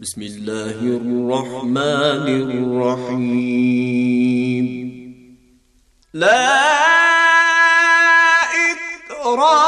بسم الله الرحمن الرحيم لا إكراه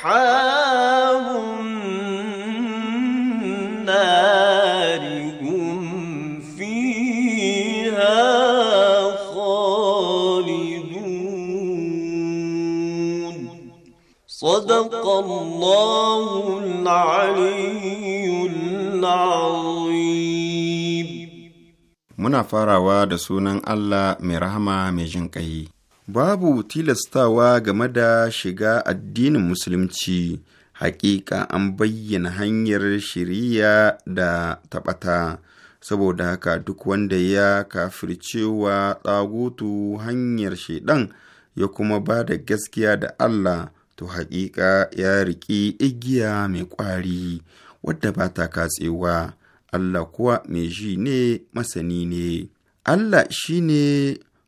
أصحاب النار هم فيها خالدون صدق الله العلي العظيم muna farawa da sunan Allah mai mai jin ƙai. babu tilastawa game da shiga addinin musulunci hakika an bayyana hanyar shiriya da taɓata saboda haka duk wanda ya kafircewa tsagutu hanyar shaidan ya kuma ba da gaskiya da allah to hakika ya riƙi igiya mai ƙwari wadda ba ta katsewa allah kuwa mai ji ne masani ne allah shi ne.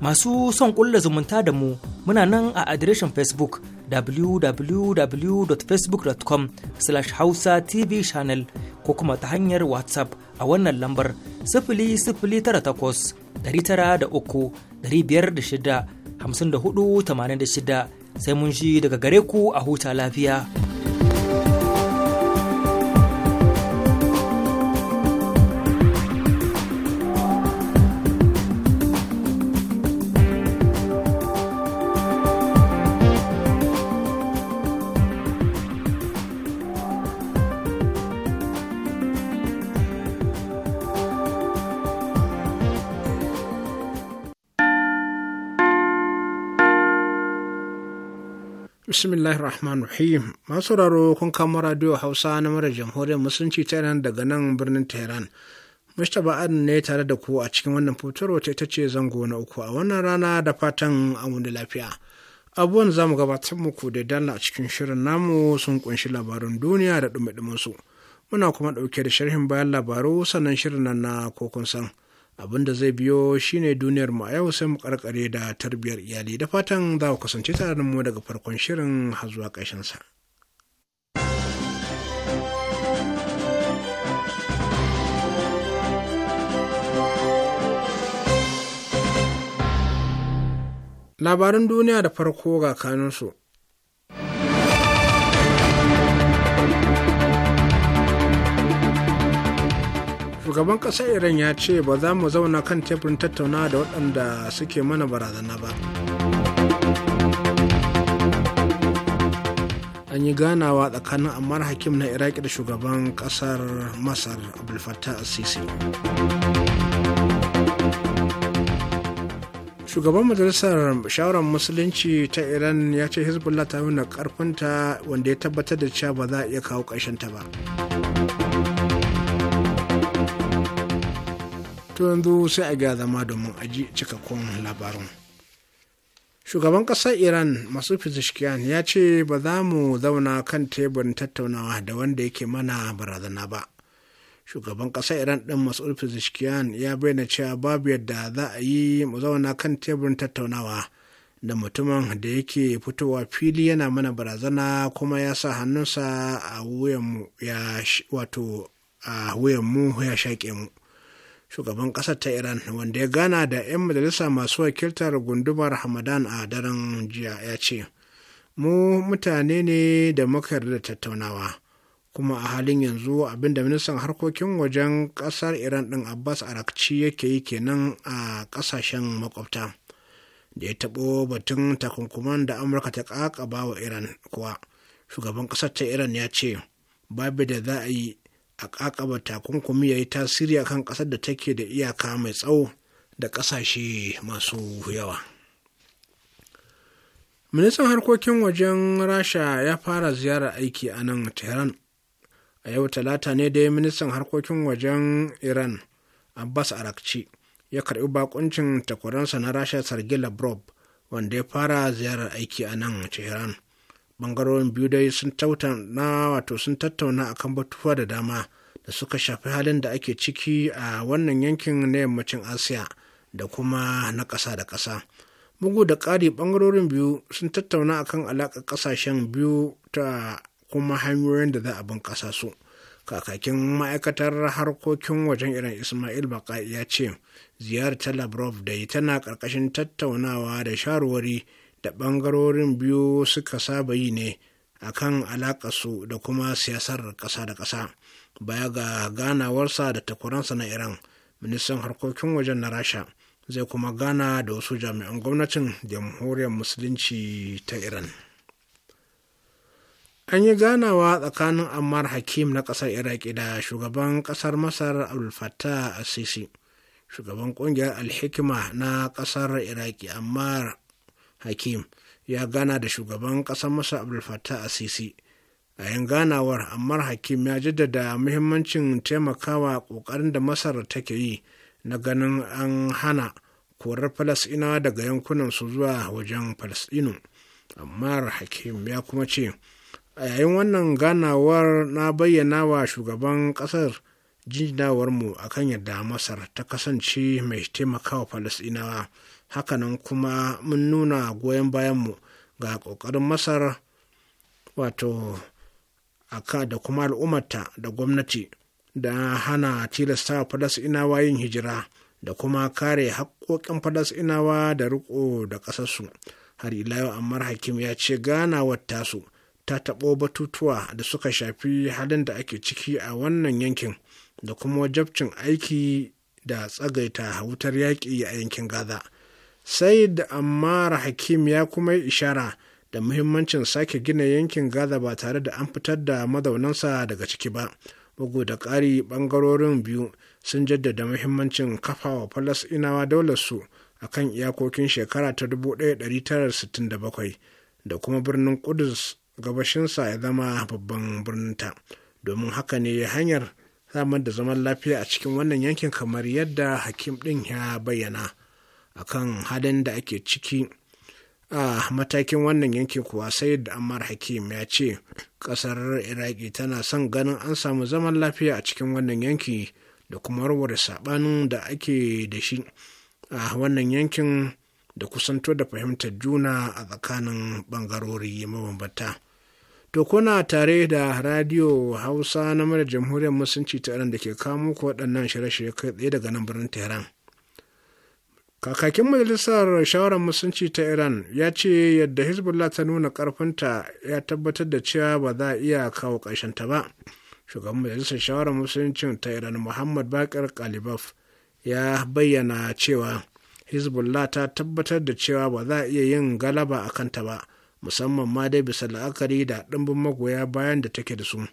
Masu son ƙulla zumunta da mu muna nan a adireshin Facebook www.facebook.com slash hausa tv channel ko kuma ta hanyar WhatsApp a wannan lambar sifili sifili tara takwas ɗari tara da hamsin da hudu tamanin da shida sai mun shi daga gare ku a huta lafiya. bismillahir rahmanir rahim masu sauraro kun kama radio hausa na mara jamhuriyar musulunci ta iran daga nan birnin tehran mustapha adam ne tare da ku a cikin wannan fitar wata ita ce zango na uku a wannan rana da fatan amun da lafiya abubuwan za mu gabatar muku da dala a cikin shirin namu sun kunshi labarin duniya da dumi su muna kuma ɗauke da sharhin bayan labaru sannan shirin nan na kokon san abin da zai biyo shine duniyar mu a yau sai mu karkare da tarbiyyar iyali da fatan za ku kasance tare da mu daga farkon shirin har zuwa ƙarshen sa labaran duniya da farko ga kanunsu shugaban kasar iran ya ce ba za mu zauna kan teburin tattauna da waɗanda suke mana barazana ba an yi ganawa tsakanin ammar hakim na iraki da shugaban kasar masar al-fattah sisi shugaban majalisar shawarar musulunci ta iran ya ce hezbollah ta nuna karfinta wanda ya tabbatar da cewa ba za a iya kawo ta ba to yanzu sai a ga zama domin a ji cikakkun labarin shugaban ƙasar iran masu fizishkiyan ya ce ba za mu zauna kan teburin tattaunawa da wanda yake mana barazana ba shugaban ƙasar iran ɗin masu fizishkiyan ya bayyana cewa babu yadda za a yi mu zauna kan teburin tattaunawa da mutumin da yake fitowa fili yana mana barazana kuma ya sa hannunsa a wuyanmu ya a wuyanmu ya shaƙe mu shugaban ƙasar ta iran wanda ya gana da 'yan majalisa masu wakiltar gundumar hamadan a daren jiya ya ce mu mutane ne da muka da tattaunawa kuma a halin yanzu abinda ministan harkokin wajen ƙasar iran ɗin abbas arakci yake yi kenan a ƙasashen makwabta da ya taɓo batun takunkuman da amurka ta ƙaƙaba wa iran kuwa shugaban ƙasar ta iran ya ce babu da za a yi a kakaba takunkumi ya yi tasiri a kan ƙasar da take da iyaka mai tsawo da ƙasashe masu yawa ministan harkokin wajen rasha ya fara ziyarar aiki a nan tehran a yau talata ne dai ministan harkokin wajen iran abbas arakci ya karbi bakuncin takwaransa na rasha sergei lavrov wanda ya fara ziyarar aiki a nan tehran bangarorin biyu dai sun wato sun tattauna akan batutuwa da dama da suka shafi halin da ake ciki a wannan yankin na yammacin asiya da kuma na ƙasa da ƙasa bugu da ƙari bangarorin biyu sun tattauna akan alaƙar ƙasashen biyu ta kuma hanyoyin da za a bunƙasa su kakakin ma'aikatar harkokin wajen iran ismail baka ya ce ziyarar ta lavrov da tana ƙarƙashin tattaunawa da sharwari da ɓangarorin biyu suka saba yi ne a kan su da kuma siyasar ƙasa da ƙasa baya ga ganawarsa da takuransa na iran ministan harkokin wajen na rasha zai kuma gana da wasu jami'an gwamnatin jamhuriyar musulunci ta iran an yi ganawa tsakanin ammar hakim na ƙasar iraki da shugaban ƙasar masar a Sisi, shugaban ƙungiyar alhikima na ƙasar iraki ammar hakim ya gana da shugaban ƙasar masa abdulfatah asisi a yin ganawar ammar hakim ya jaddada muhimmancin taimakawa ƙoƙarin da masar take yi na ganin an hana korar falasɗinawa daga yankunan su zuwa wajen falasɗinu ammar hakim ya kuma ce a yayin wannan ganawar na bayyana wa shugaban ƙasar jinjinawarmu akan yadda masar ta kasance mai taimakawa falasɗinawa hakanan kuma mun nuna goyon bayanmu ga ƙoƙarin masar wato aka da kuma al'ummata da gwamnati da hana tilasta wa inawa yin hijira da kuma kare haƙƙoƙin falasinawa da riƙo da ƙasarsu har ila yau ammar hakim ya ce ganawar tasu ta taɓo batutuwa da suka shafi halin da ake ciki a wannan yankin da kuma wajabcin aiki da tsagaita wutar yaƙi a yankin gaza Said Ammar Hakim ya kuma yi ishara da muhimmancin sake gina yankin Gaza ba tare da an fitar da mazaunansa daga ciki ba. Bugu da ƙari ɓangarorin biyu sun jaddada muhimmancin kafawa Falasɗinawa daular su a kan iyakokin shekara ta 1967 da kuma birnin Kudus gabashinsa ya zama babban birninta. Domin haka ne hanyar samar da zaman lafiya a cikin wannan yankin kamar yadda Hakim ɗin ya bayyana. akan halin da ake ciki a matakin wannan yankin kuwa sai da ammar hakim ya ce kasar iraki tana son ganin an samu zaman lafiya a cikin wannan yanki da kuma warware sabanin da ake da shi a wannan yankin da kusanto da fahimtar juna a tsakanin bangarori mabambanta to kuna tare da radio hausa na mara jamhuriyar musulunci ta da ke kamo ko waɗannan shirye-shirye kai tsaye daga nan birnin tehran kakakin majalisar shawarar musulunci ta iran ya ce yadda hezbollah ta nuna karfinta ya tabbatar da cewa ba za a iya kawo ta ba shugaban majalisar shawarar musulunci ta iran muhammad bakar kalibaf ya bayyana cewa hezbollah ta tabbatar da cewa ba za a iya yin galaba a kanta ba musamman ma dai bisa la'akari da ɗimbin magoya bayan da take da su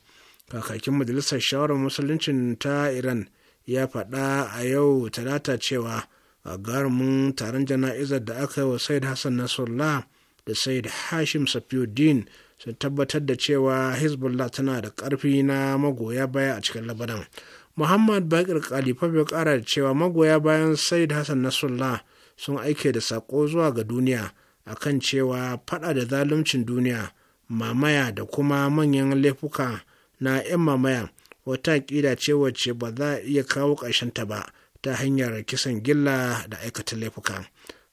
kakakin majalisar shawarar musuluncin ta iran ya faɗa a yau talata cewa A garinmu taron jana'izar da aka yi wa said hassan nasrullah da said hashim safiuddin sun tabbatar da cewa hezbollah tana da ƙarfi na magoya baya a cikin labaran muhammad bakir khalifa bai kara da cewa magoya bayan said hassan nasrullah sun aike da saƙo zuwa ga duniya a kan cewa fada da zaluncin duniya mamaya da kuma manyan laifuka na 'yan mamaya wata ƙida ce wacce ba za a iya kawo ƙarshen ta ba ta hanyar kisan gilla da aikata laifuka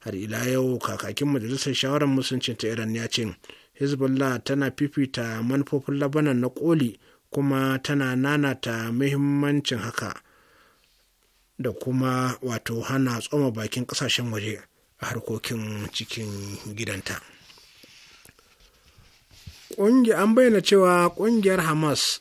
har ila yau kakakin majalisar shawarar musuncin ta iran ya ce hezbollah tana fifita manufofin labanan na koli kuma tana nanata muhimmancin haka da kuma wato hana tsoma bakin kasashen waje a harkokin cikin gidanta an bayyana cewa ƙungiyar hamas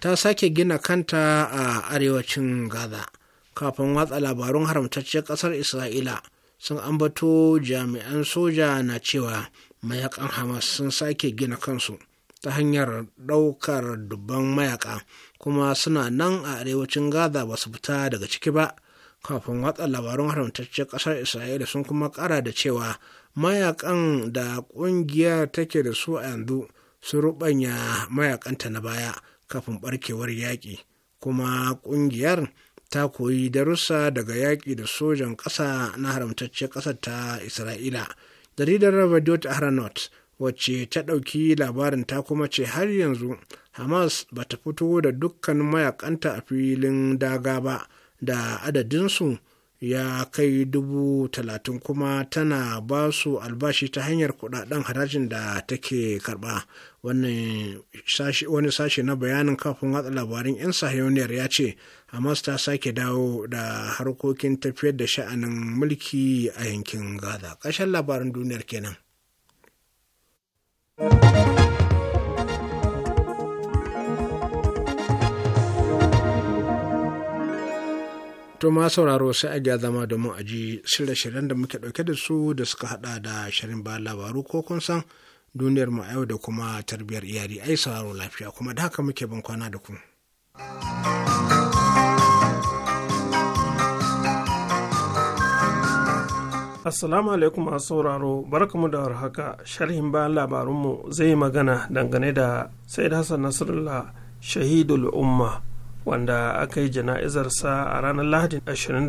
ta sake gina kanta a arewacin gaza kafin watsa labarun haramtacciyar ƙasar isra'ila sun ambato jami'an soja na cewa mayakan hamas sun sake gina kansu ta hanyar ɗaukar dubban mayaka kuma suna nan a arewacin gaza ba su fita daga ciki ba kafin watsa labarun haramtacciyar ƙasar isra'ila sun kuma ƙara da cewa mayakan da ƙungiyar take da su a yanzu sun rubanya mayakanta na baya kafin ɓarkewar yaƙi kuma ƙungiyar ta koyi darussa daga yaƙi da sojan ƙasa na haramtacce ƙasar ta isra'ila jaridar radio aranot wacce ta ɗauki labarin ta kuma ce har yanzu hamas ba ta fito da dukkan mayakanta a filin daga ba da adadinsu ya kai dubu talatin kuma tana ba su albashi ta hanyar kudaden harajin da take karba wani sashe na bayanin kafin watsa labarin 'yan sahiyoniyar ya ce hamas ta sake dawo da harkokin tafiyar da sha'anin mulki a yankin gaza ƙarshen labarin duniyar kenan Tuma sauraro sai a gya zama domin a ji shirye-shiryen da muke ɗauke da su da suka hada da shirin ba labaru ko kun san duniyar mu yau da kuma tarbiyyar iyali ai sauraro lafiya kuma da haka muke ban kwana da ku. Assalamu alaikum masu sauraro barkamu da warhaka sharhin bayan labarunmu zai yi magana dangane da Said Hassan Nasrullah shahidul umma wanda aka yi jana'izarsa a ranar Lahadi 23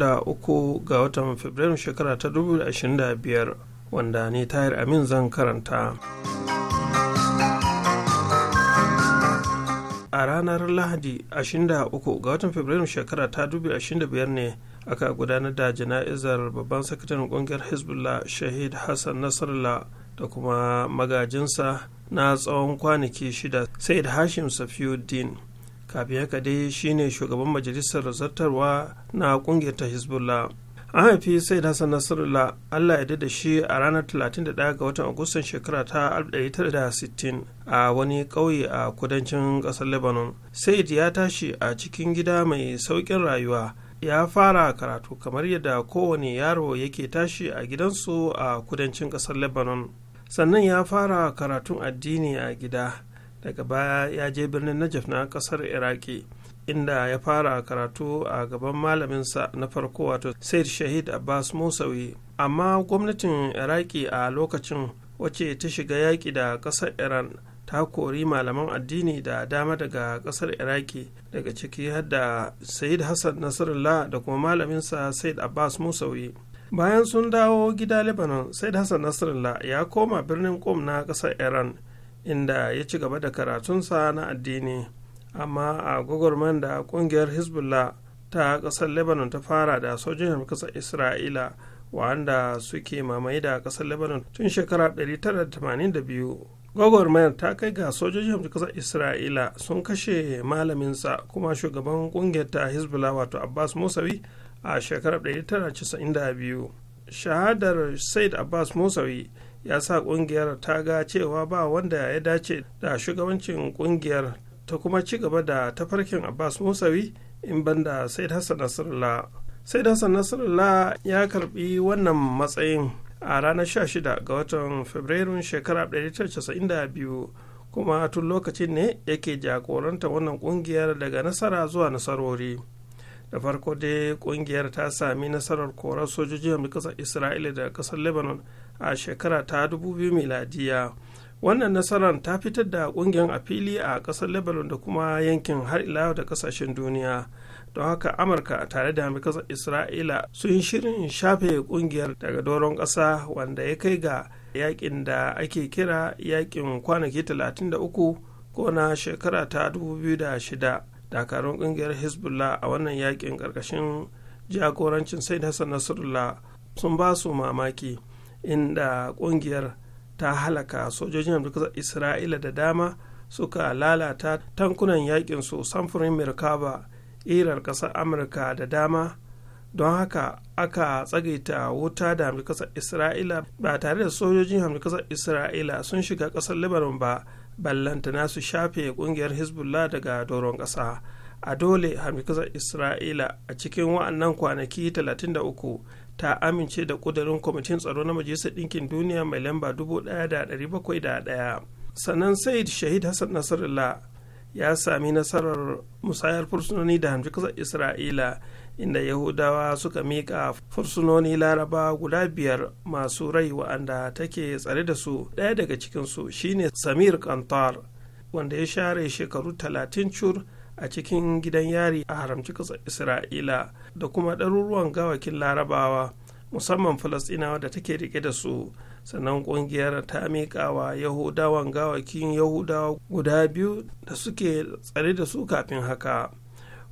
ga watan Fabrairu shekara ta 2025 wanda ne tayar amin zan karanta. A ranar Lahadi 23 ga watan Fabrairu shekara ta 2025 ne aka gudanar da jana'izar babban sakataren kungiyar hezbollah shahid hassan nasrallah da kuma magajinsa na tsawon kwanaki shida said hashim safiuddin kafin haka dai shine shugaban majalisar zartarwa na kungiyar ta hezbollah an haifi said hassan nasrallah allah ya da shi a ranar 31 ga watan agustan shekara ta 1960 a wani ƙauye a kudancin ƙasar lebanon said ya tashi a cikin gida mai sauƙin rayuwa ya fara karatu kamar yadda kowane yaro yake tashi a gidansu a kudancin ƙasar lebanon sannan ya fara karatun addini a gida daga baya ya je birnin najaf na ƙasar iraki inda ya fara karatu a gaban malaminsa na farko wato said shahid abbas musawi amma gwamnatin iraki a lokacin wacce ta shiga yaƙi da ƙasar iran ta kori malaman addini da dama daga kasar iraki daga ciki har said sayid hassan nasarallah da kuma malaminsa said abbas musawi bayan sun dawo gida lebanon sayid hassan nasarallah ya koma birnin kom na kasar iran inda ya ci gaba da karatunsa na addini amma a gwagwarman da kungiyar hezbollah ta kasar lebanon ta fara da sojin kasar isra'ila wanda suke mamaye da kasar lebanon tun shekara 1982 gwagwarmayar ta kai ga sojojin hamsin kasar isra'ila sun kashe malaminsa kuma shugaban kungiyar ta hezbollah wato abbas musawi a shekarar 1992 shahadar said abbas musawi ya sa kungiyar ta ga cewa ba wanda ya dace da shugabancin kungiyar ta kuma ci gaba da tafarkin abbas musawi in banda said hassan nasrallah said hassan nasrallah ya karbi wannan matsayin a ranar 16 ga watan fabrairun shekarar 1992 kuma tun lokacin ne yake jagoranta wannan kungiyar daga nasara zuwa nasarori da farko dai kungiyar ta sami nasarar korar sojoji a kasar isra'ila da kasar lebanon a shekara ta 2000 miladiya wannan nasarar ta fitar da kungiyar a fili a kasar lebanon da kuma yankin har ila da kasashen duniya don haka amurka tare da kasar isra'ila sun shirin shafe kungiyar daga doron ƙasa wanda ya kai ga yakin da ake kira yakin kwanaki 33 ko na shekara ta 2006 dakarun kungiyar hezbollah a wannan yakin ƙarƙashin jagorancin sai hassan nasrullah sun ba su mamaki inda kungiyar ta halaka sojojin kasar isra'ila da dama suka lalata tankunan yakin su samfurin mirkaba iran ƙasar amurka da dama don haka aka tsagaita wuta da kasar isra'ila ba tare da sojojin kasar isra'ila sun shiga ƙasar libanon ba ballanta na su shafe ƙungiyar hezbollah daga doron ƙasa a dole kasar isra'ila a cikin wa'annan kwanaki 33 ta amince da ƙudurin kwamitin tsaro na majalisar ɗinkin duniya mai lamba 1701 sannan said shahid hassan nasarallah ya sami nasarar musayar fursunoni da hamshi kasar isra'ila inda yahudawa suka miƙa fursunoni laraba guda biyar masu rai wa'anda take tsare da su ɗaya daga cikinsu shine samir kantar wanda ya share shekaru talatin cur a cikin gidan yari a haramci kasar isra'ila da kuma ɗaruruwan gawakin larabawa musamman falasɗinawa da take rike da su sannan kungiyar ta miƙawa yahudawan gawakin yahudawa guda biyu da suke tsare da su kafin haka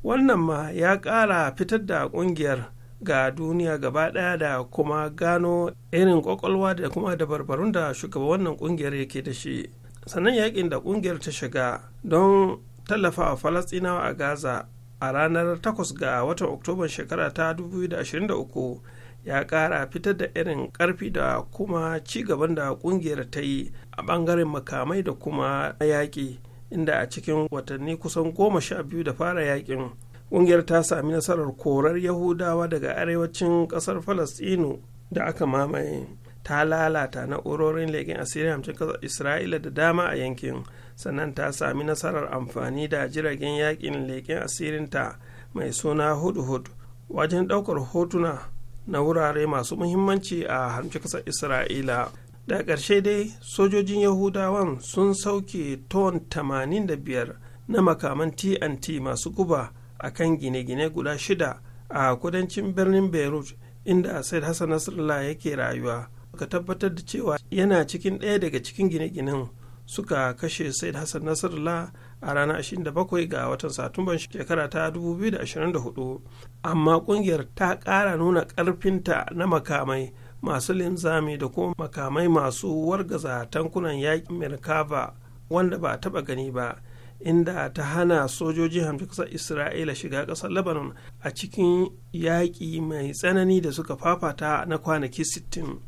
wannan ma ya ƙara fitar da kungiyar ga duniya gaba ɗaya da kuma gano irin kwakwalwa da kuma dabarbarun da shugaba wannan kungiyar yake da shi sannan yakin da kungiyar ta shiga don tallafa wa falastinawa a gaza a ranar 8 ga watan oktoba shekara ta 2023 ya ƙara fitar da irin ƙarfi da kuma ci gaban da ƙungiyar ta yi a bangaren makamai da kuma yaƙi inda a cikin watanni kusan goma sha biyu da fara yaƙin ƙungiyar ta sami nasarar korar yahudawa daga arewacin ƙasar falastinu da aka mamaye ta lalata na'urorin leƙen asiri hamsin ƙasar isra'ila da dama a yankin sannan ta sami nasarar amfani da jiragen yaƙin leƙen asirinta mai suna hudu wajen ɗaukar hotuna na wurare masu muhimmanci a harmci kasar isra'ila da ƙarshe dai sojojin yahudawan sun sauke ton 85 na makaman tnt masu guba a kan gine-gine guda shida a kudancin birnin beirut inda said hassan nasrallah yake rayuwa ka tabbatar da cewa yana cikin ɗaya daga cikin gine-ginen suka kashe said hassan nasrallah a ranar 27 ga watan satumban shekara ta 2024 amma kungiyar ta kara nuna karfinta na makamai masu linzami da kuma makamai masu wargaza tankunan yakin merkava wanda ba taɓa gani ba inda ta hana sojoji hamsin ƙasar isra'ila shiga ƙasar lebanon a cikin yaƙi mai tsanani da suka fafata na kwanaki 60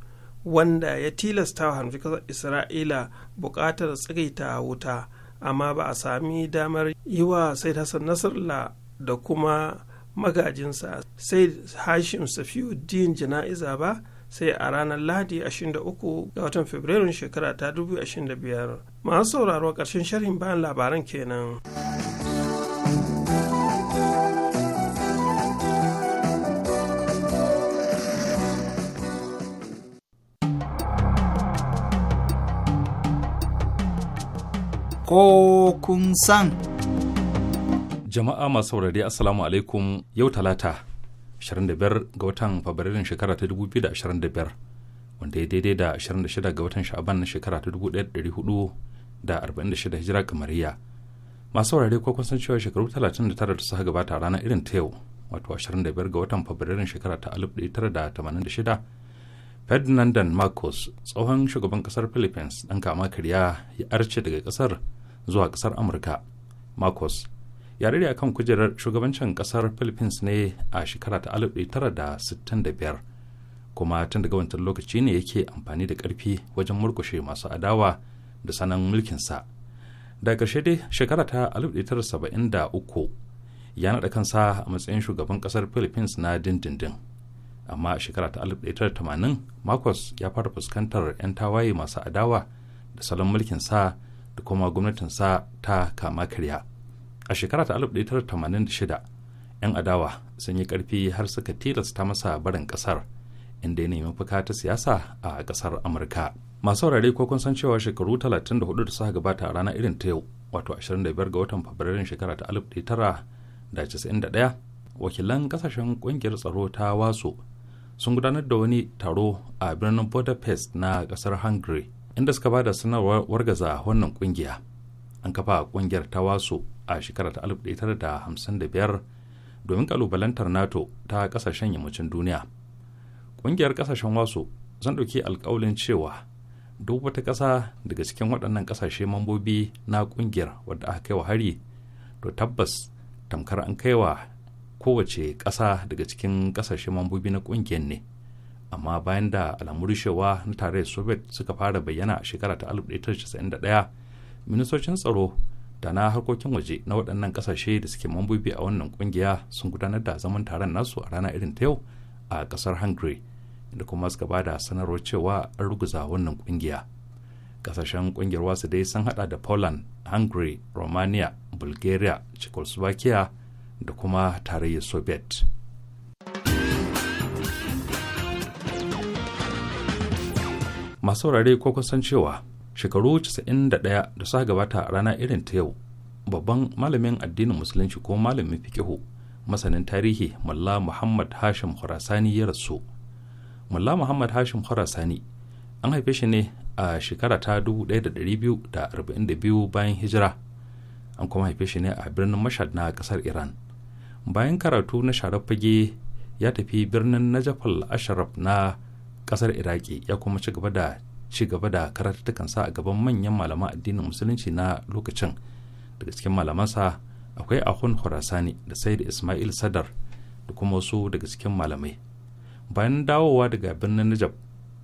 wanda ya tilasta wa hamsin kasar isra'ila buƙatar tsagaita wuta amma ba a sami damar yi wa said hassan nasarla da kuma magajinsa sai hashim din jana'iza ba sai a ranar lahadi 23 ga watan fabrairun shekara ta 2025 masu sauraro ƙarshen sharhin bayan labaran kenan. ko kun san. Jama'a masu saurari Assalamu alaikum yau talata 25 ga watan Fabrairun shekara ta 2025 wanda ya daidai da 26 ga watan sha'aban na shekara ta 1446 hijira kamariya. Masu saurari ko kun san cewa shekaru 39 da suka gabata a ranar irin ta yau wato 25 ga watan Fabrairun shekara ta 1986 ferdinandan marcos tsohon shugaban kasar philippines ɗan kama karya ya arce daga kasar zuwa kasar amurka marcos ya rere akan kujerar shugabancin kasar philippines ne a shekara ta 1965 kuma tun daga wancan lokaci ne yake amfani da ƙarfi wajen murkushe masu adawa da sanan mulkinsa da ƙarshe dai shekara ta 1973 ya naɗa kansa a matsayin shugaban ƙasar philippines na dindindin amma a shekara ta 1980 marcos ya fara fuskantar 'yan tawaye masu adawa da salon mulkin sa da kuma gwamnatin sa ta kama karya a shekara ta 1986 'yan adawa sun yi karfi har suka tilasta masa barin kasar inda ya nemi fuka ta siyasa a kasar amurka masu saurare ko kun san cewa shekaru 34 da suka gabata a rana irin ta yau wato 25 ga watan fabrairun shekara ta 1991 wakilan kasashen kungiyar tsaro ta waso sun gudanar da wani taro a birnin budapest na kasar hungary inda suka ba da sanarwar wargaza wannan kungiya an kafa kungiyar ta wasu a shekarar ta 1955 domin kalubalantar nato ta kasashen yammacin duniya kungiyar kasashen wasu zan ɗauki alkawalin cewa duk wata ƙasa daga cikin waɗannan ƙasashe mambobi na ƙungiyar wadda aka kai wa hari to tabbas tamkar an kaiwa kowace ƙasa daga cikin ƙasashen mambobi na ƙungiyar ne amma bayan da alamun rushewa na tare tarayyar soviet suka fara bayyana a shekara ta 1991 ministocin tsaro da na harkokin waje na waɗannan ƙasashe da suke mambobi a wannan ƙungiya sun gudanar da zaman taron nasu a rana irin ta yau a ƙasar hungary da kuma suka ba da sanarwar cewa an ruguza wannan ƙungiya ƙasashen ƙungiyar wasu dai sun hada da poland hungary romania bulgaria czechoslovakia da kuma tarayyar soviet masu saurare ko kusan cewa shekaru 91 da suka gabata a rana irin ta yau babban malamin addinin musulunci ko malamin fikihu masanin tarihi mulla muhammad hashim khurasani ya rasu mulla muhammad hashim khurasani an haife shi ne a shekara ta 1242 bayan hijira an kuma haife shi ne a birnin mashad na kasar iran bayan karatu na sharafage ya tafi birnin najafal asharaf na kasar iraki ya kuma ci gaba da ci gaba da sa a gaban manyan malaman addinin musulunci na lokacin daga cikin malamansa akwai ahun khurasani da saida ismail sadar da kuma wasu daga cikin malamai bayan dawowa daga birnin najaf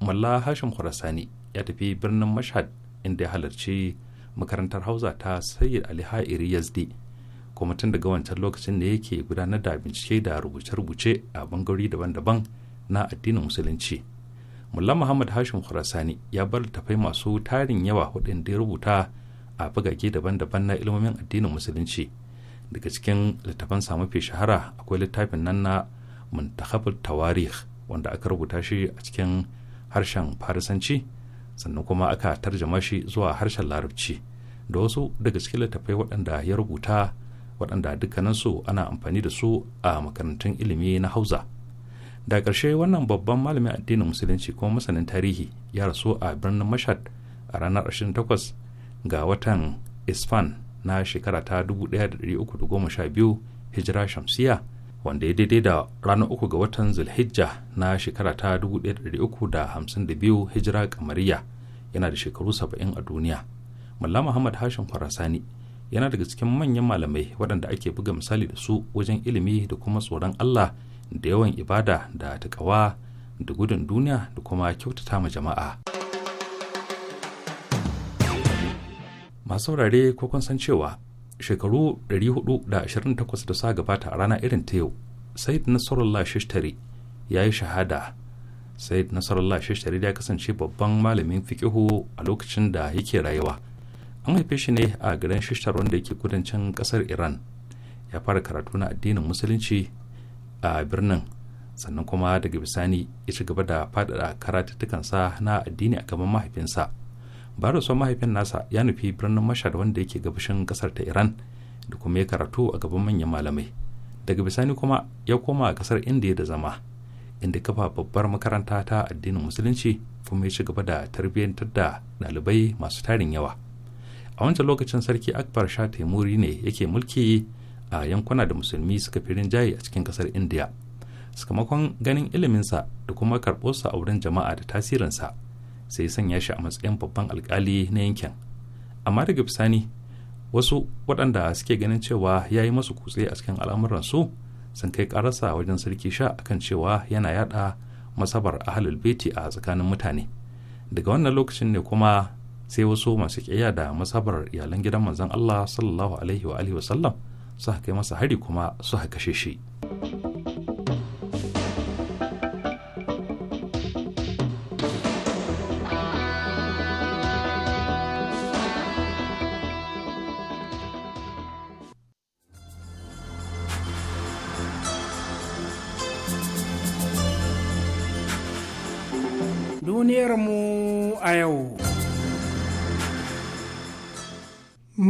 malla hashim khurasani ya tafi birnin mashhad inda ya halarci makarantar hausa ta sayyid ali ha'iri yazdi kuma tun daga wancan lokacin da yake gudanar da bincike da rubuce-rubuce a bangarori daban-daban na addinin musulunci mullah muhammad hashim khurasani ya bar tafai masu tarin yawa waɗanda ya rubuta a bugage daban-daban na ilmomin addinin musulunci daga cikin littafan mafi shahara akwai littafin nan na muntakhabul tawarih wanda aka rubuta shi a cikin harshen farisanci sannan kuma aka tarjama shi zuwa harshen larabci da wasu daga cikin littafai waɗanda ya rubuta waɗanda dukkaninsu ana amfani da su a makarantun ilimi na hausa da ƙarshe wannan babban malamin addinin musulunci kuma masanin tarihi ya rasu a birnin mashad a ranar 28 ga watan isfan na shekara ta 1312 hijira shamsiya wanda ya daidai da ranar uku ga watan zulhijja na shekara ta 1352 hijira kamariya yana da shekaru 70 a duniya mallama muhammad hashim farasani yana daga cikin manyan malamai waɗanda ake buga misali da su wajen ilimi da kuma tsoron Allah da yawan ibada da takawa da gudun duniya da kuma kyautata ma jama'a. Masu saurare ko kun san cewa shekaru 428 da sa gabata a rana irin ta yau, Said Nasarullah Shishtari ya yi shahada. Said Nasarullah Shishtari ya kasance babban malamin fikihu a lokacin da yake rayuwa. an haife shi ne a garin shishtar wanda ke kudancin kasar iran ya fara karatu na addinin musulunci a birnin sannan kuma daga bisani ya ci gaba da faɗaɗa karatuttukansa na addini a gaban mahaifinsa ba da son mahaifin nasa ya nufi birnin mashhad wanda yake gabashin kasar ta iran da kuma ya karatu a gaban manyan malamai daga bisani kuma ya koma a kasar indiya da zama inda kafa babbar makaranta ta addinin musulunci kuma ya ci gaba da tarbiyyantar da ɗalibai masu tarin yawa a wancan lokacin sarki akbar sha taimuri ne yake mulki a yankuna da musulmi suka fi rinjaye a cikin kasar indiya sakamakon ganin iliminsa da kuma karɓarsa a wurin jama'a da tasirinsa sai sanya shi a matsayin babban alkali na yankin amma daga bisani wasu waɗanda suke ganin cewa ya yi masu kutse a cikin al'amuransu sun kai ƙararsa wajen sarki sha akan cewa yana yada masabar ahalul beti a tsakanin mutane daga wannan lokacin ne kuma sai wasu masu kiyaya da masabar iyalan gidan manzon Allah sallallahu alaihi wa alihi kai masa hari kuma su kashe shi.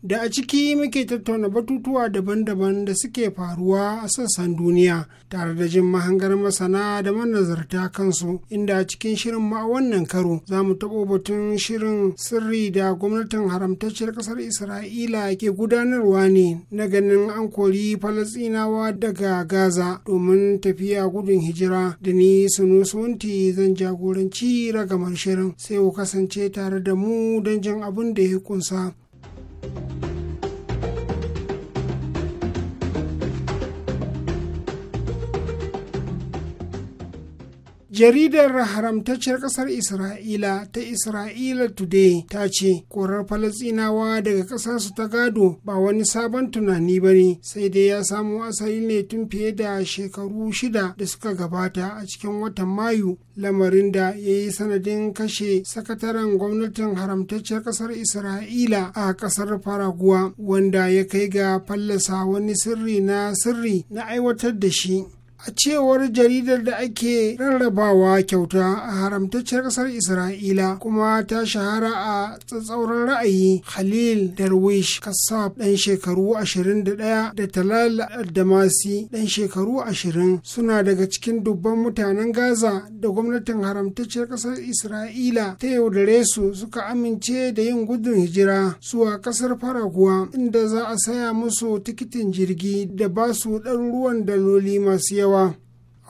da a ciki muke tattauna batutuwa daban-daban da suke faruwa a sassan duniya tare da jin mahangar masana da manazarta kansu inda a cikin shirin ma wannan karo za mu taɓo batun shirin sirri da gwamnatin haramtacciyar ƙasar isra'ila ke gudanarwa ne na ganin an kori falasinawa daga gaza domin tafiya gudun hijira da ni sunti zan jagoranci ragamar shirin sai ku kasance tare da mu don jin abin da ya kunsa Bye. jaridar haramtacciyar kasar isra'ila ta isra'ila today ta ce korar falasinawa daga kasarsu ta gado ba wani sabon tunani ba ne sai dai ya samo asali ne tun fiye da shekaru shida da suka gabata a cikin watan mayu lamarin da ya yi sanadin kashe sakataren gwamnatin haramtacciyar kasar isra'ila a kasar faraguwa wanda ya kai ga fallasa wani sirri na sirri na aiwatar da shi a cewar jaridar da ake rarrabawa kyauta a haramtacciyar ƙasar isra'ila kuma ta shahara a tsatsauran ra'ayi khalil darwish Kasab, ɗan shekaru 21 da talal damasi ɗan shekaru 20 suna daga cikin dubban mutanen gaza da gwamnatin haramtacciyar ƙasar isra'ila ta yaudare su suka amince da yin gudun hijira zuwa ƙasar faraguwa inda za a saya musu tikitin jirgi da ba su ɗaruruwan daloli masu yau. cewa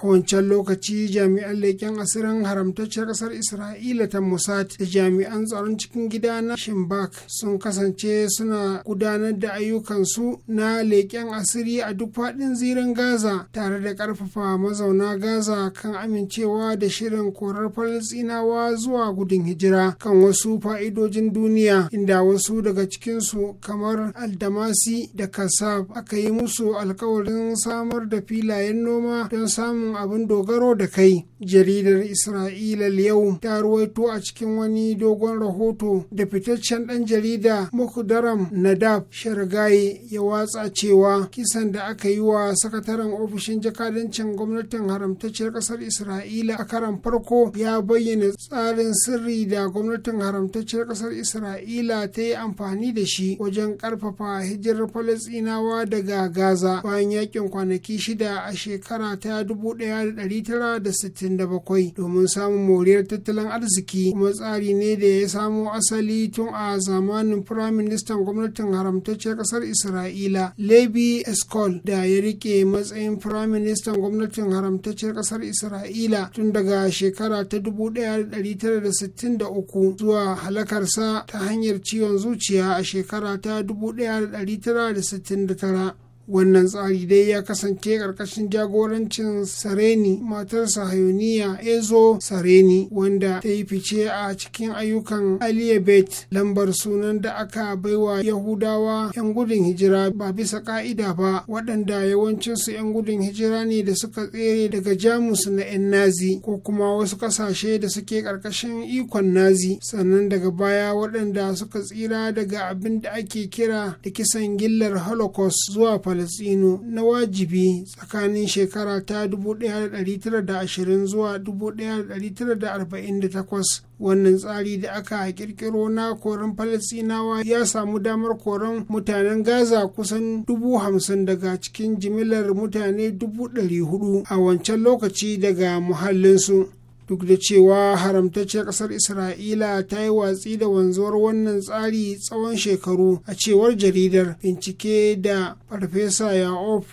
a wancan lokaci jami'an leƙen asirin haramtacciyar ƙasar isra'ila ta mossad da jami'an tsaron cikin gida na shimbak sun kasance suna gudanar da ayyukansu na leƙen asiri a duk faɗin zirin gaza tare da ƙarfafa mazauna gaza kan amincewa da shirin korar falasinawa zuwa gudun hijira kan wasu fa'idojin duniya inda wasu daga cikinsu kamar aldamasi da kasab aka yi musu alkawarin samar da filayen noma don samun abin dogaro da kai jaridar isra'ila yau ta ruwaito a cikin wani dogon rahoto da fitaccen ɗan jarida mukudaram nadab shargaye ya watsa cewa kisan da aka yi wa sakataren ofishin jakadancin gwamnatin haramtacciyar kasar isra'ila a karan farko ya bayyana tsarin sirri da gwamnatin haramtacciyar kasar isra'ila ta yi amfani da shi wajen ƙarfafa hijirar falasinawa daga gaza bayan yakin kwanaki shida a shekara ta dubu 1967 domin samun moriyar tattalin arziki kuma tsari ne da ya samo asali tun a zamanin firaministan gwamnatin haramtacciyar kasar isra'ila levi eskol da ya rike matsayin firaministan gwamnatin haramtacciyar kasar isra'ila tun daga shekara ta 1963 zuwa halakarsa ta hanyar ciwon zuciya a shekara ta 1969 wannan tsari dai ya kasance karkashin jagorancin sareni matar hayoniya ezo sareni wanda ta yi fice a cikin ayyukan aliyabet lambar sunan da aka baiwa yahudawa 'yan gudun hijira ba bisa ka'ida ba waɗanda yawancinsu 'yan gudun hijira ne da suka tsere daga jamus na 'yan nazi ko kuma wasu ƙasashe da suke karkashin ikon nazi sannan daga baya waɗanda suka tsira daga abin da ake kira da kisan gillar holocaust zuwa falasino na wajibi tsakanin shekara ta 1920 zuwa 1948 wannan tsari da aka kirkiro na koren falasinawa ya samu damar koren mutanen gaza kusan dubu hamsin daga cikin jimilar mutane dubu ɗari a wancan lokaci daga muhallinsu duk da cewa haramtacciyar ƙasar isra'ila ta yi watsi da wanzuwar wannan tsari tsawon shekaru a cewar jaridar bincike da farfesa yaof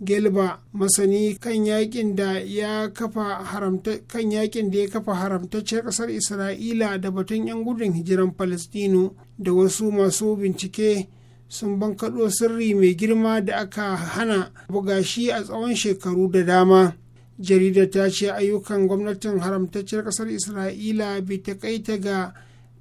gelba masani kan yakin da ya kafa haramta ƙasar isra'ila da batun 'yan gudun hijiran palestino da wasu masu bincike sun bankaɗo sirri mai girma da aka hana buga shi a tsawon shekaru da dama jaridar ta ce ayyukan gwamnatin haramtacciyar ƙasar isra'ila bai ta ga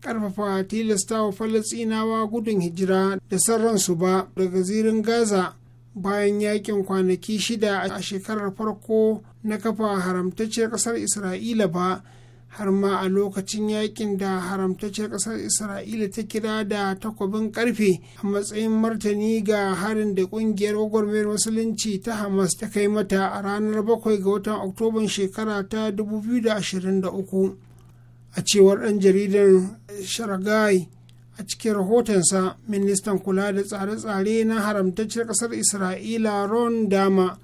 ƙarfafa tilastawa falastinawa gudun hijira da su ba daga zirin gaza bayan yakin kwanaki shida a shekarar farko na kafa haramtacciyar ƙasar isra'ila ba har ma a lokacin yakin da haramtacciyar ƙasar isra'ila ta kira da takobin karfe a matsayin martani ga harin da ƙungiyar gwagwarmayar musulunci ta hamas ta kai mata a ranar 7 ga watan oktoban shekara ta 2023 a cewar ɗan jaridar sharagai a cikin rahotonsa ministan kula da tsare-tsare na haramtacciyar ƙasar isra'ila ron dama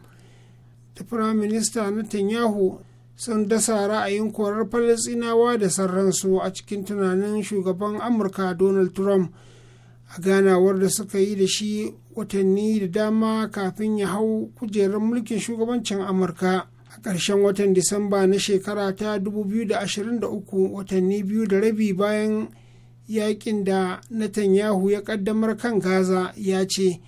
da firaminista netanyahu sun dasa ra'ayin korar falasinawa da sarransu a cikin tunanin shugaban amurka donald trump a ganawar da suka yi da shi watanni da dama kafin ya hau kujerar mulkin shugabancin amurka a ƙarshen watan disamba na shekara ta 2023 watanni biyu da rabi bayan yakin da netanyahu ya ƙaddamar kan gaza ya ce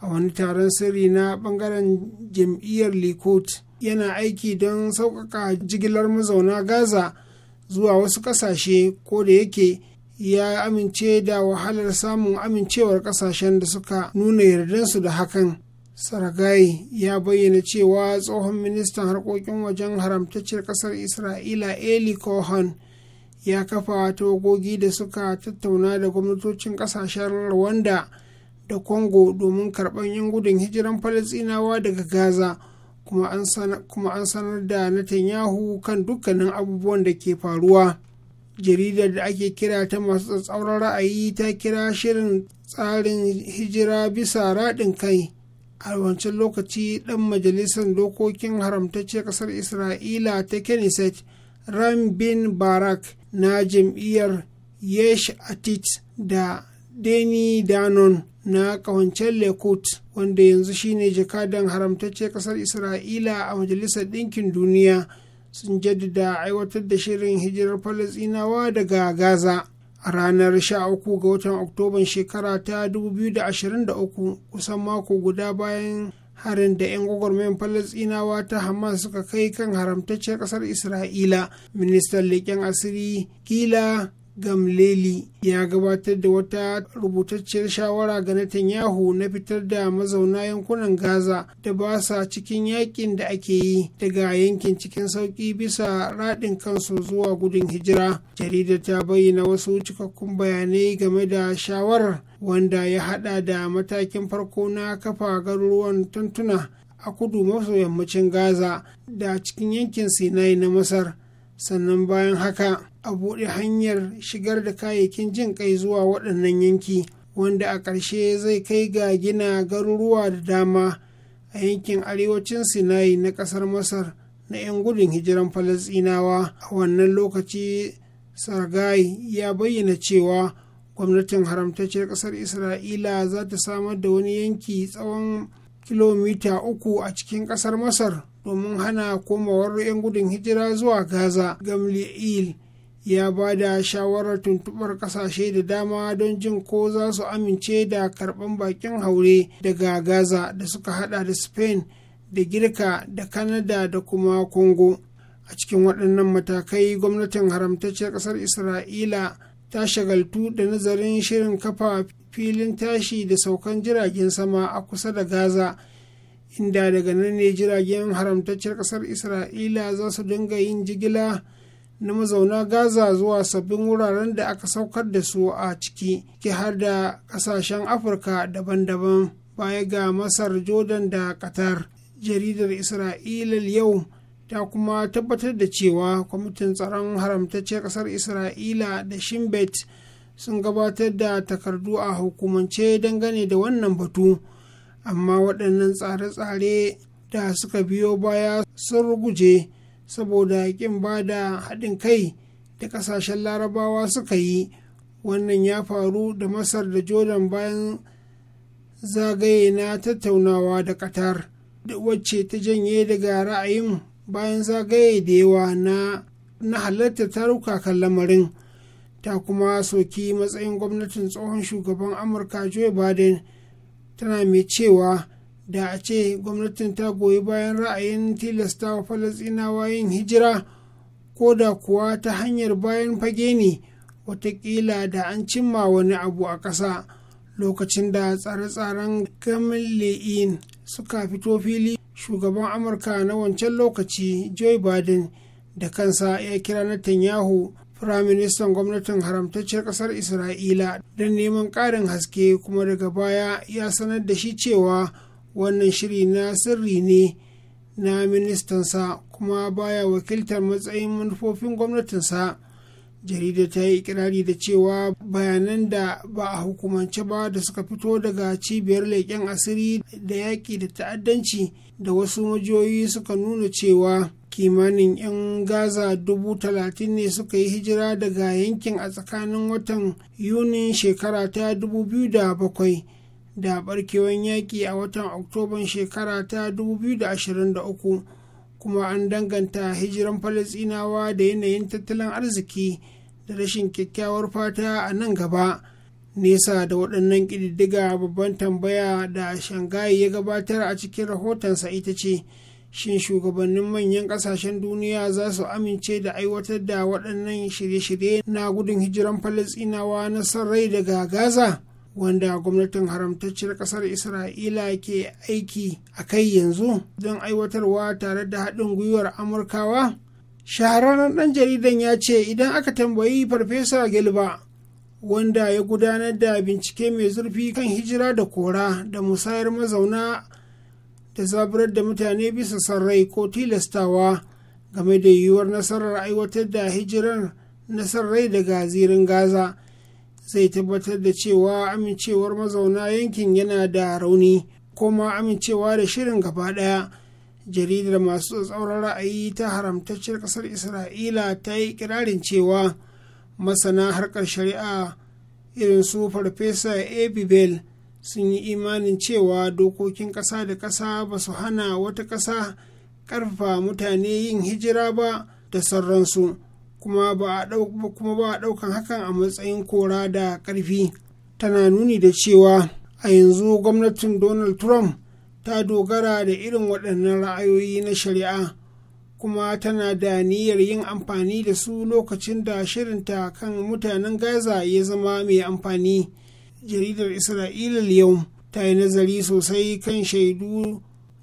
a wani taron sirri na bangaren jam'iyyar Likot. yana aiki don sauƙaƙa jigilar mazauna gaza zuwa wasu ƙasashe ko da yake ya amince da wahalar samun amincewar ƙasashen da suka nuna yardansu da hakan saragai ya bayyana cewa tsohon ministan harkokin wajen haramtacciyar ƙasar isra'ila eli cohen ya kafa tawagogi da suka tattauna da gwamnatocin ƙasashen rwanda da kongo domin karɓar 'yan gudun hijiran falasinawa daga gaza kuma an sanar da Netanyahu kan dukkanin abubuwan da ke faruwa. Jaridar da ake kira ta masu tsatsauran ra'ayi ta kira shirin tsarin hijira bisa raɗin kai. A wancan lokaci ɗan majalisar dokokin haramtacce ƙasar Isra'ila ta Knesset Ram bin Barak na jam'iyyar Yesh Atit da Deni Danon na kawancen lekut wanda yanzu shine jakadan haramtacce ƙasar isra'ila a majalisar ɗinkin duniya sun jaddada aiwatar da shirin hijirar falasinawa daga gaza a ranar 13 ga watan oktoban shekara ta 2023 kusan mako guda bayan harin da 'yan gwagwarmayan falasinawa ta hamas suka kai kan haramtacciyar kasar isra'ila ministan leƙen asiri kila gamleli ya gabatar da wata rubutacciyar shawara ga Netanyahu na fitar da mazauna yankunan Gaza da ba sa cikin yakin da ake yi daga yankin cikin sauƙi bisa raɗin kansu zuwa gudun hijira. Jarida ta bayyana wasu cikakkun bayanai game da shawarar wanda ya haɗa da matakin farko na kafa garuruwan tantuna a kudu maso yammacin Gaza da cikin yankin Sinai na Masar. Sannan bayan haka. a buɗe hanyar shigar da kayayyakin jin kai zuwa waɗannan yanki wanda a ƙarshe zai kai ga gina garuruwa da dama a yankin arewacin sinai na ƙasar masar na 'yan gudun hijiran falasinawa a wannan lokaci sargai ya bayyana cewa gwamnatin haramtacciyar ƙasar isra'ila za ta samar da wani yanki tsawon kilomita uku a cikin ƙasar masar domin hana komawar 'yan gudun hijira zuwa gaza gamliel ya ba da shawarar tuntubar kasashe da dama don jin ko za su amince da karban bakin haure daga gaza da suka hada da spain da girka da Kanada da kuma congo a cikin waɗannan matakai gwamnatin haramtacciyar ƙasar isra'ila ta shagaltu da nazarin shirin kafa filin tashi da saukan jiragen sama a kusa da gaza inda daga nan ne jiragen haramtacciyar ƙasar isra'ila za su dinga yin jigila na mazauna gaza zuwa sabbin wuraren da aka saukar da su a ciki ki har da kasashen afirka daban-daban baya ga masar jordan da qatar jaridar isra'ila yau ta kuma tabbatar da cewa kwamitin tsaron haramtacce kasar isra'ila da shimbet sun gabatar da takardu a hukumance dangane da wannan batu amma waɗannan tsare-tsare da suka biyo baya sun ruguje. saboda yakin da haɗin kai da ƙasashen larabawa suka yi wannan ya faru da masar da jordan bayan zagaye na tattaunawa da qatar wacce ta janye daga ra'ayin bayan zagaye da yawa na halatta halarta taruka kan lamarin ta kuma soki matsayin gwamnatin tsohon shugaban amurka joe biden tana mai cewa da a ce gwamnatin ta goyi bayan ra'ayin tilasta wa falasinawa yin hijira ko da kuwa ta hanyar bayan fage ne watakila da an cimma wani abu a ƙasa lokacin da tsare-tsaren kamilin suka fito fili shugaban amurka na wancan lokaci joe biden da kansa ya kira na netanyahu firaministan gwamnatin haramtacciyar ƙasar isra'ila don neman ƙarin haske kuma daga baya ya sanar da shi cewa wannan shiri na sirri ne na ministansa kuma baya wakiltar matsayin manufofin gwamnatinsa jarida ta yi ikirari da cewa bayanan da ba a hukumance ba da suka fito daga cibiyar leƙen asiri da yaƙi da ta'addanci da wasu majiyoyi suka nuna cewa kimanin 'yan gaza dubu talatin ne suka yi hijira daga yankin a tsakanin watan yunin shekara ta 2007 da barkewan yaƙi a watan oktoban shekara ta 2023 kuma an danganta hijiran falasinawa da yanayin tattalin arziki da rashin kyakkyawar fata a nan gaba nesa da waɗannan ƙididdiga babban tambaya da shanghai ya gabatar a cikin rahotonsa ita ce shin shugabannin manyan ƙasashen duniya za su amince da aiwatar da waɗannan shirye-shirye na gudun hijiran falasinawa na San rai daga gaza wanda gwamnatin haramtacciyar kasar isra'ila ke aiki a kai yanzu don aiwatarwa tare da haɗin gwiwar amurkawa shahararren ɗan jaridan ya ce idan aka tambayi farfesa gilba wanda ya gudanar da bincike mai zurfi kan hijira da kora da musayar mazauna da zaburar da mutane bisa sarrai ko tilastawa game da yiwuwar nasarar aiwatar da hijirar rai daga zirin gaza zai tabbatar da cewa amincewar mazauna yankin yana da rauni kuma amincewa da shirin gaba ɗaya jaridar masu tsatsauran ra'ayi ta haramtacciyar ƙasar isra'ila ta yi kirarin cewa masana harkar shari'a irin su farfesa abibel sun yi imanin cewa dokokin kasa da kasa ba su hana wata kasa ƙarfafa mutane yin hijira ba da sauransu. kuma ba a ɗaukan hakan a matsayin kora da ƙarfi tana nuni da cewa a yanzu gwamnatin donald trump ta dogara da irin waɗannan ra'ayoyi na shari'a kuma tana da niyyar yin amfani da su lokacin da shirinta kan mutanen gaza ya zama mai amfani jaridar isra'ila yau ta yi nazari sosai kan shaidu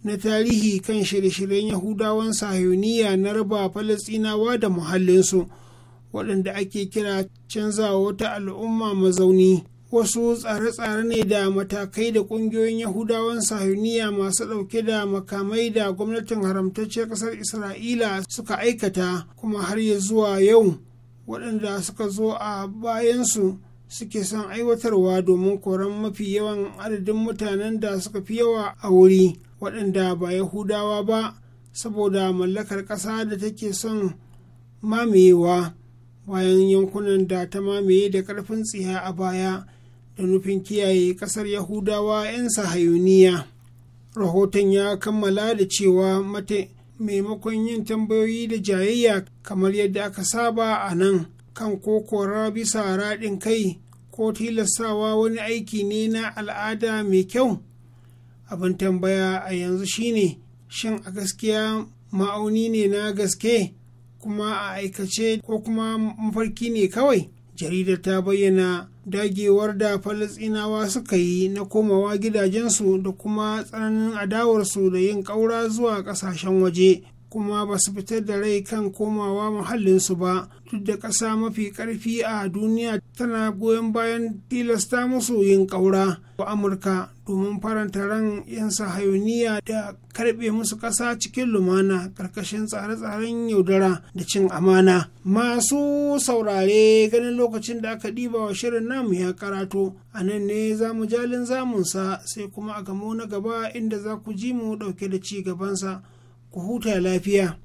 na tarihi kan shirye-shiryen yahudawan sahiyoniya na raba falastinawa da muhallinsu waɗanda ake kira canzawa wata al'umma mazauni wasu tsare-tsare ne da matakai da ƙungiyoyin yahudawan sahiyoniya masu ɗauke da makamai da gwamnatin haramtacciyar ƙasar isra'ila suka aikata kuma har ya zuwa yau waɗanda suka zo a bayansu suke son aiwatarwa domin koran mafi yawan adadin mutanen da suka fi yawa a wuri waɗanda ba yahudawa ba saboda mallakar ƙasa da take son mamayewa bayan yankunan da ta mamaye da ƙarfin tsiya a baya da nufin kiyaye ƙasar yahudawa 'yan sahayuniya rahoton ya kammala da cewa mate maimakon yin tambayoyi da jayayya kamar yadda aka saba a nan kan ko kora bisa raɗin kai ko tilastawa wani aiki ne na al'ada mai kyau abin tambaya a yanzu shine shin a gaskiya ma'auni ne na gaske kuma a aikace ko kuma mafarki ne kawai jaridar ta bayyana dagewar da falasinawa suka yi na komawa gidajensu da kuma tsananin adawarsu da yin ƙaura zuwa ƙasashen waje kuma ba su fitar da rai kan komawa muhallinsu ba duk da ƙasa mafi ƙarfi a duniya tana goyon bayan tilasta musu yin ƙaura amurka domin faranta ran 'yan sahayoniya da karbe musu ƙasa cikin lumana ƙarƙashin tsare-tsaren yaudara da cin amana masu saurare ganin lokacin da aka ɗiba wa shirin namu ya karato a nan ne za mu jalin zamunsa sai kuma a gamo na gaba inda za ku ji mu ɗauke da ci gabansa ku huta lafiya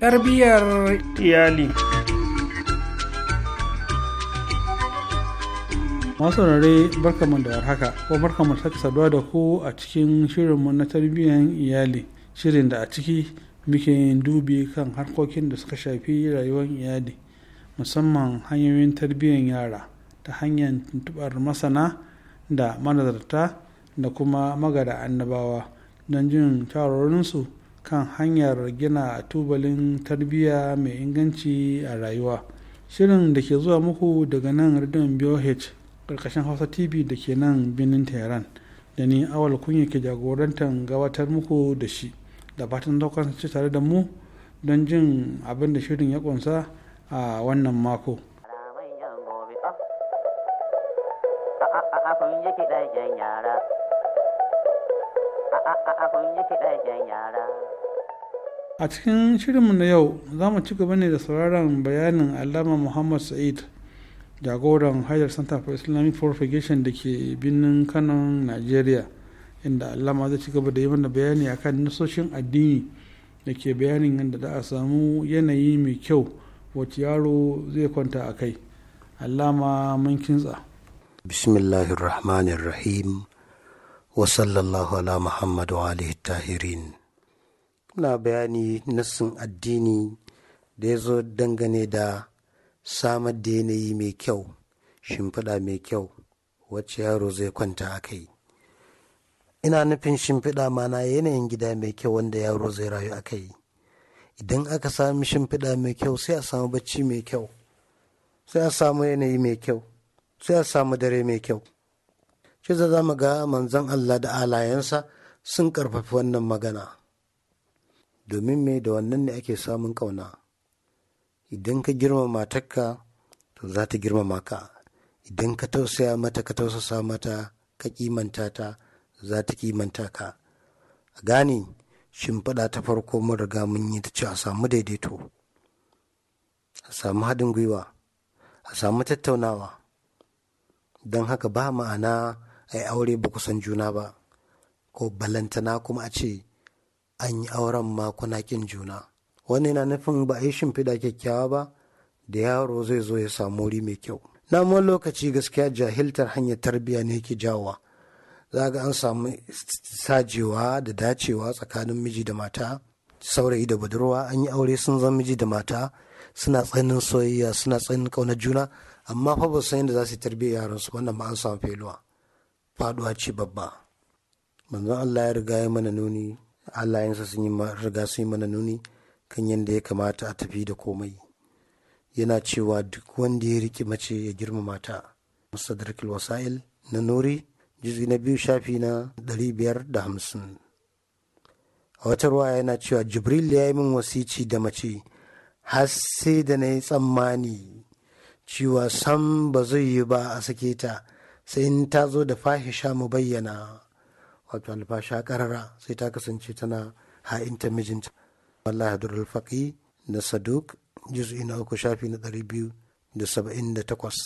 tarbiyyar iyali masu rarre barkamu da warhaka ko barkamu saka saduwa da ku a cikin shirinmu na tarbiyyar iyali shirin da a ciki muke dubi kan harkokin da suka shafi rayuwar iyali musamman hanyoyin tarbiyyar yara ta hanyar tuntubar masana da manazarta da kuma magada annabawa don jin tarorinsu. kan hanyar gina tubalin tarbiyya mai inganci a rayuwa shirin da ke zuwa muku daga nan rediyon BOH karkashin hausa tv da ke nan birnin tehran da ni awal kunya ke jagorantar gabatar muku da shi da fatan daukar ci tare da mu don jin abin da shirin ya kunsa a wannan mako yara a cikin shirinmu na yau za mu ci gaba ne da sauraron bayanin alama muhammad sa'id jagoran hajar center for islamic propagation da ke birnin kano nigeria inda alama zai ci gaba da yi mana bayani akan nasoshin addini da ke bayanin yadda za a samu yanayi mai kyau wacce yaro zai kwanta a kai alama mun kintsa bismillahirrahmanirrahim wa sallallahu ala muhammadu alihi tahirin muna bayani nassin addini da ya zo dangane da samar da yanayi mai kyau shimfiɗa mai kyau wacce yaro zai kwanta a kai ina nufin shimfiɗa mana yanayin gida mai kyau wanda yaro zai rayu a kai idan aka sami shimfiɗa mai kyau sai a samu bacci mai kyau sai a samu yanayi mai kyau sai a samu dare mai kyau ce za mu ga manzan Allah da alayensa sun karfafi wannan magana domin me da wannan ne ake samun ƙauna idan ka girmama matakka to za ta girmama ka idan ka tausaya mata ka tausasa mata ka kimanta ta za ta kimanta ka a gane shimfiɗa ta farko mun riga mun yi ta ce a samu daidaito a samu haɗin gwiwa a samu tattaunawa don haka ba ma'ana a yi aure ba kusan juna ba ko balantana kuma a ce an yi auren ma kuna kin juna wani na nufin ba a yi shimfiɗa kyakkyawa ba da yaro zai zo ya samu wuri mai kyau na mun lokaci gaskiya jahiltar hanyar tarbiyya ne ke jawowa za ga an samu sajewa da dacewa tsakanin miji da mata saurayi da budurwa an yi aure sun zama miji da mata suna tsanin soyayya suna tsanin ƙaunar juna amma fa ba su san yadda za su tarbiyya yaran su wannan ma an samu feluwa faduwa ce babba manzon Allah ya riga ya mana nuni Allah, yansa sun yi riga sun yi mana nuni kan yadda ya kamata a tafi da komai yana cewa duk wanda ya riƙe mace ya girmama ta musadarkil wasa'il na nuri jizgi na biyu shafi na ɗari biyar da hamsin a wata ruwa yana cewa jibril ya yi min wasici da mace har sai da na yi tsammani cewa sam ba zai yi ba a sake ta sai in ta zo da fahisha mu bayyana wato alfasha karara sai ta kasance tana ha'inta mijinta wallahi hadurul faqi na saduk juz'i na uku shafi na ɗari biyu da saba'in da takwas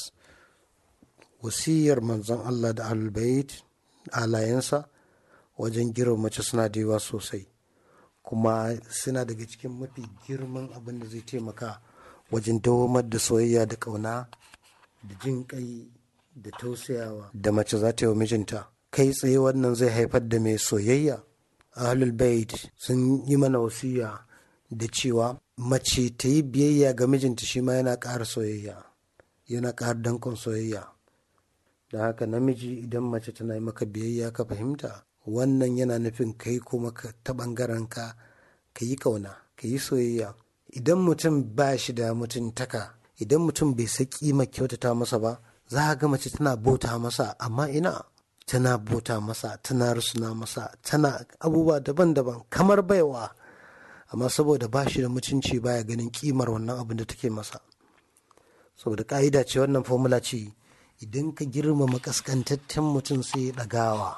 wasiyar manzon Allah da albayit alayensa wajen girma mace suna da yawa sosai kuma suna daga cikin mafi girman abin da zai taimaka wajen dawamar da soyayya da ƙauna da jin kai da tausayawa da mace za ta yi wa mijinta kai tsaye wannan zai haifar da mai soyayya ahlul bait sun yi mana wasiya da cewa mace ta yi biyayya ga mijinta shi ma yana ƙara soyayya yana ƙara dankon soyayya da haka namiji idan mace tana yi maka biyayya ka fahimta wannan yana nufin kai kuma ta ɓangaren ka ka yi kauna ka yi soyayya idan mutum ba shi da mutuntaka idan mutum bai sa ma kyautata masa ba za a ga mace tana bauta masa amma ina tana bota masa tana rusuna masa tana abubuwa daban-daban kamar baiwa amma saboda ba shi da mutunci baya ganin kimar wannan abin da take masa saboda ka'ida ce wannan formula ce idan ka girmama kaskantaccen mutum sai ya ɗagawa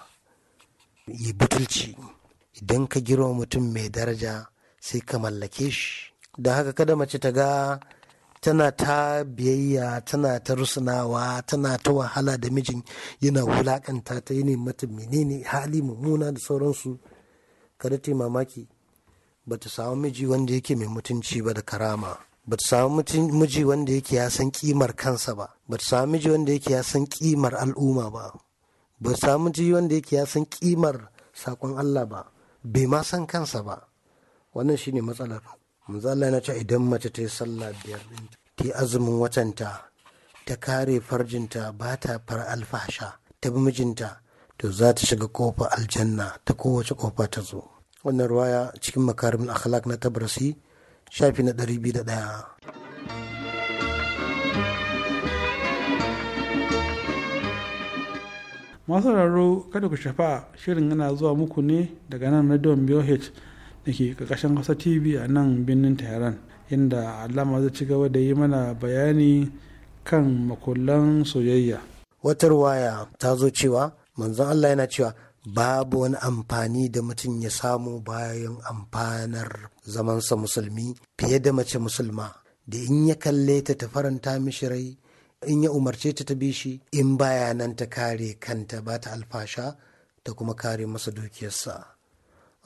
ya butulci idan ka girmama mutum mai daraja sai ka mallake shi da haka kada mace ta ga tana ta biyayya tana ta rusunawa tana ta wahala da mijin yana wulakanta ta yi mata menene hali mummuna da sauransu kada ta mamaki ba ta samu miji wanda yake mai mutunci ba da karama ba ta samu miji wanda yake ya san kimar kansa ba ba ta samu miji wanda yake ya san kimar al'umma ba ba ta samu miji wanda yake ya san kimar sakon Allah ba bai ma san kansa ba wannan shine matsalar manzo Allah na ce idan mace ta yi sallah biyar ta yi azumin watanta ta kare farjinta ba ta far alfasha ta bi mijinta to za ta shiga kofa aljanna ta kowace kofa ta zo wannan ruwaya cikin makarimin akhlaq na tabrasi shafi na 201 masu raro kada ku shafa shirin yana zuwa muku ne daga nan na don BOH da ke ƙarƙashin hausa tv a nan birnin tehran inda alama zai ci gaba da yi mana bayani kan makullan soyayya watar waya ta zo cewa manzon allah yana cewa babu wani amfani da mutum ya samu bayan amfanar zamansa musulmi fiye da mace musulma da in ya kalle ta ta faranta mishi rai in ya umarce ta ta bi shi in baya nan ta kare kanta ba ta alfasha ta kuma kare masa dukiyarsa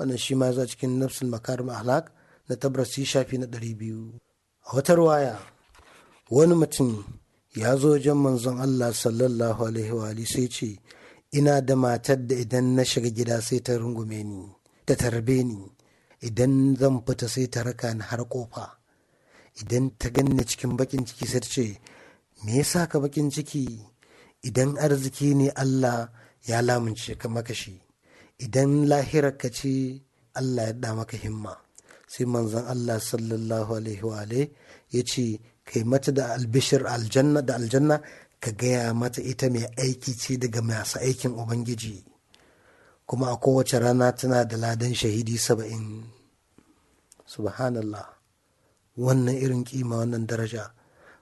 wannan shi ma za cikin nafsul makarim ahlak na tabrasi shafi na ɗari biyu a wata ruwaya wani mutum ya zo wajen manzon Allah sallallahu alaihi wa sai ce ina da matar da idan na shiga gida sai ta rungume ni ta tarbe ni idan zan fita sai ta raka ni har kofa idan ta ganni cikin bakin ciki sai ta ce me yasa ka bakin ciki idan arziki ne Allah ya lamunce ka makashi idan lahirar ka ce allah ya da maka himma sai manzon allah sallallahu alaihi wa ya ce kai mata da albishir aljanna da aljanna ka gaya mata ita mai aiki ce daga masu aikin ubangiji kuma a kowace rana tana da ladan shahidi saba'in subhanallah wannan irin kima wannan daraja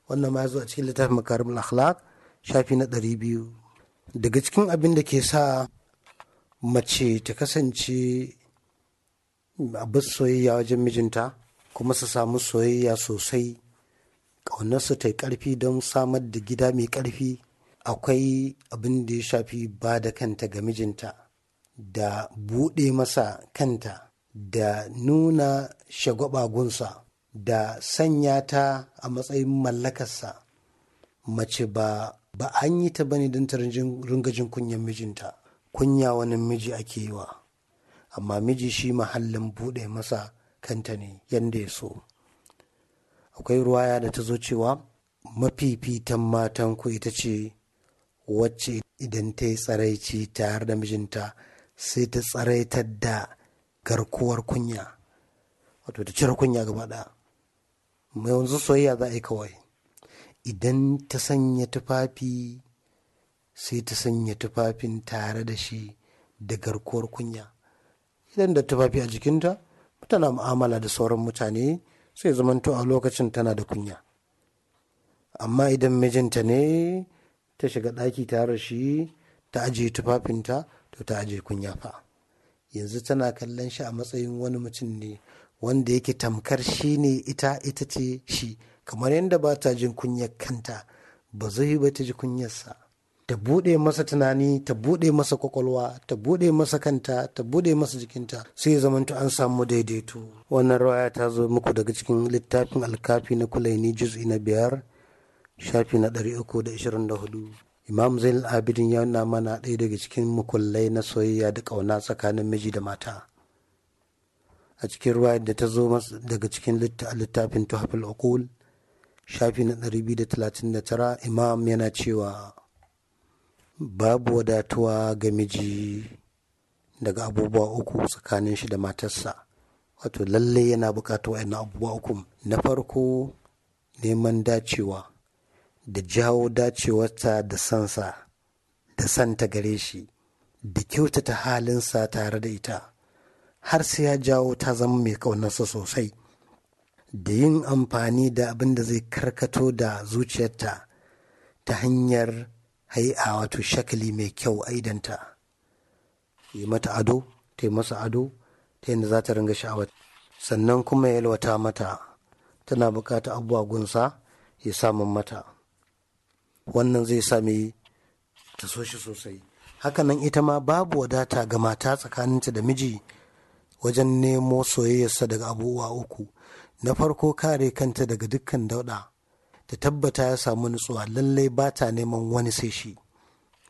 wannan ma zuwa cikin littafin makarim akhlaq shafi na ɗari biyu daga cikin abin da ke sa mace ta kasance a abin soyayya wajen mijinta kuma su samu soyayya sosai ƙaunarsa ta yi ƙarfi don samar da gida mai ƙarfi akwai abin da ya shafi ba da kanta ga mijinta da buɗe masa kanta da nuna shagwabagunsa da sanya ta a matsayin mallakarsa mace ba ba an yi ta bane don ta ringajin kunyan mijinta kunya wani miji ake yi wa amma miji shi mahallin buɗe masa kanta ne yadda ya so akwai ruwaya da ta zo cewa mafifitan matan ku ita ce wacce idan ta yi tsaraici tare da mijinta sai ta tsaraitar da garkuwar kunya wato ta cire kunya gaba ɗaya mai wanzu soyayya za a yi kawai idan ta sanya tufafi sai ta sanya tufafin tare da shi da garkuwar kunya idan da tufafi a jikinta tana mu'amala da sauran mutane sai zamanto a lokacin tana da kunya amma idan mijinta ne ta shiga ɗaki tare da shi ta aje tufafinta to ta aje kunya fa yanzu tana kallon shi a matsayin wani mutum ne wanda yake tamkar shi ne ita ita ce shi kamar yadda ba ta jin kunyar kanta ba zai ba ta ji kunyarsa ta buɗe masa tunani ta buɗe masa kwakwalwa ta buɗe masa kanta ta buɗe masa jikinta sai ya zamanto an samu daidaito wannan rawaya ta zo muku daga cikin littafin alkafi na kulaini juz'i na biyar shafi na ɗari uku da ishirin da hudu imam zainal abidin ya nuna mana ɗaya daga cikin mukullai na soyayya da ƙauna tsakanin miji da mata a cikin ruwa da ta zo daga cikin littafin tuhafil uqul shafi na ɗari biyu da da talatin tara, imam yana cewa babu wadatuwa ga miji daga abubuwa uku tsakanin shi da matarsa wato lallai yana bukatar wa'annan abubuwa uku na farko neman dacewa da jawo dacewarta da sansa da santa gare shi da kyautata halinsa tare da ita har sai ya jawo ta zama mai ƙaunarsa sosai da yin amfani da abin da zai karkato da zuciyarta ta hanyar Hai, a wato shakali mai kyau a yi mata ado ta yi masa ado ta yadda za ta ringa sha'awa sannan kuma ya yalwata mata tana bukata abubuwa gunsa ya samun mata wannan zai sami ta so shi sosai hakanan ita ma babu wadata ga mata tsakaninta da miji wajen nemo soyayyarsa daga abubuwa uku na farko kare kanta daga dukkan dauɗa ta tabbata ya samu nutsuwa lallai ba ta neman wani sai shi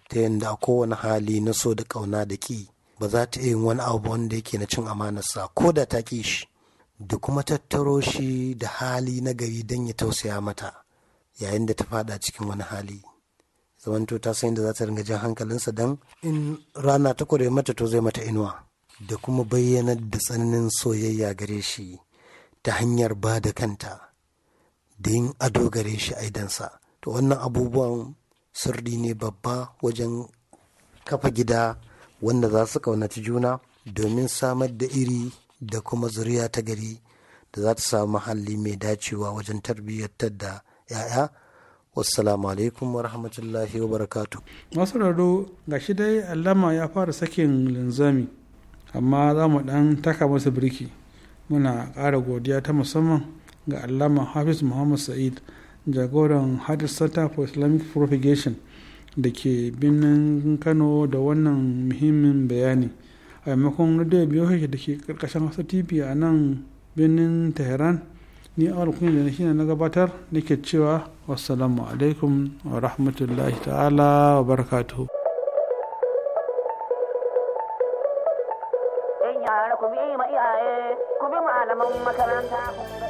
ta yadda a kowane hali na so da ƙauna da ƙi ba za ta iya wani abu wanda yake na cin amanarsa ko da ta ƙi shi da kuma tattaro shi da hali na gari don ya tausaya mata yayin da ta fada cikin wani hali zamanto ta san da za ta ringa jan hankalinsa don in rana ta kware mata to zai mata inuwa da kuma bayyanar da tsananin soyayya gare shi ta hanyar ba da kanta da yin ado gare shi a aidansa to wannan abubuwan sirri ne babba wajen kafa gida wanda za su kaunaci juna domin samar da iri da kuma zuriya ta gari da za ta samu mahalli mai dacewa wajen tarbiyyar da 'ya'ya wassalamu alaikum wa rahmatullahi wa barakatu masu raro ga shi dai allama ya fara sakin linzami amma za mu dan taka masa birki muna ƙara godiya ta musamman ga allama hafiz muhammad sa'id jagoran hadis center for islamic propagation da ke birnin kano da wannan muhimmin bayani a maimakon radio biyu da ke karkashin hausa tv a nan birnin tehran ni awar kunya da nake na gabatar nake cewa wassalamu alaikum wa rahmatullahi ta'ala wa barakatuhu ku bi ma iyaye ku bi malaman makaranta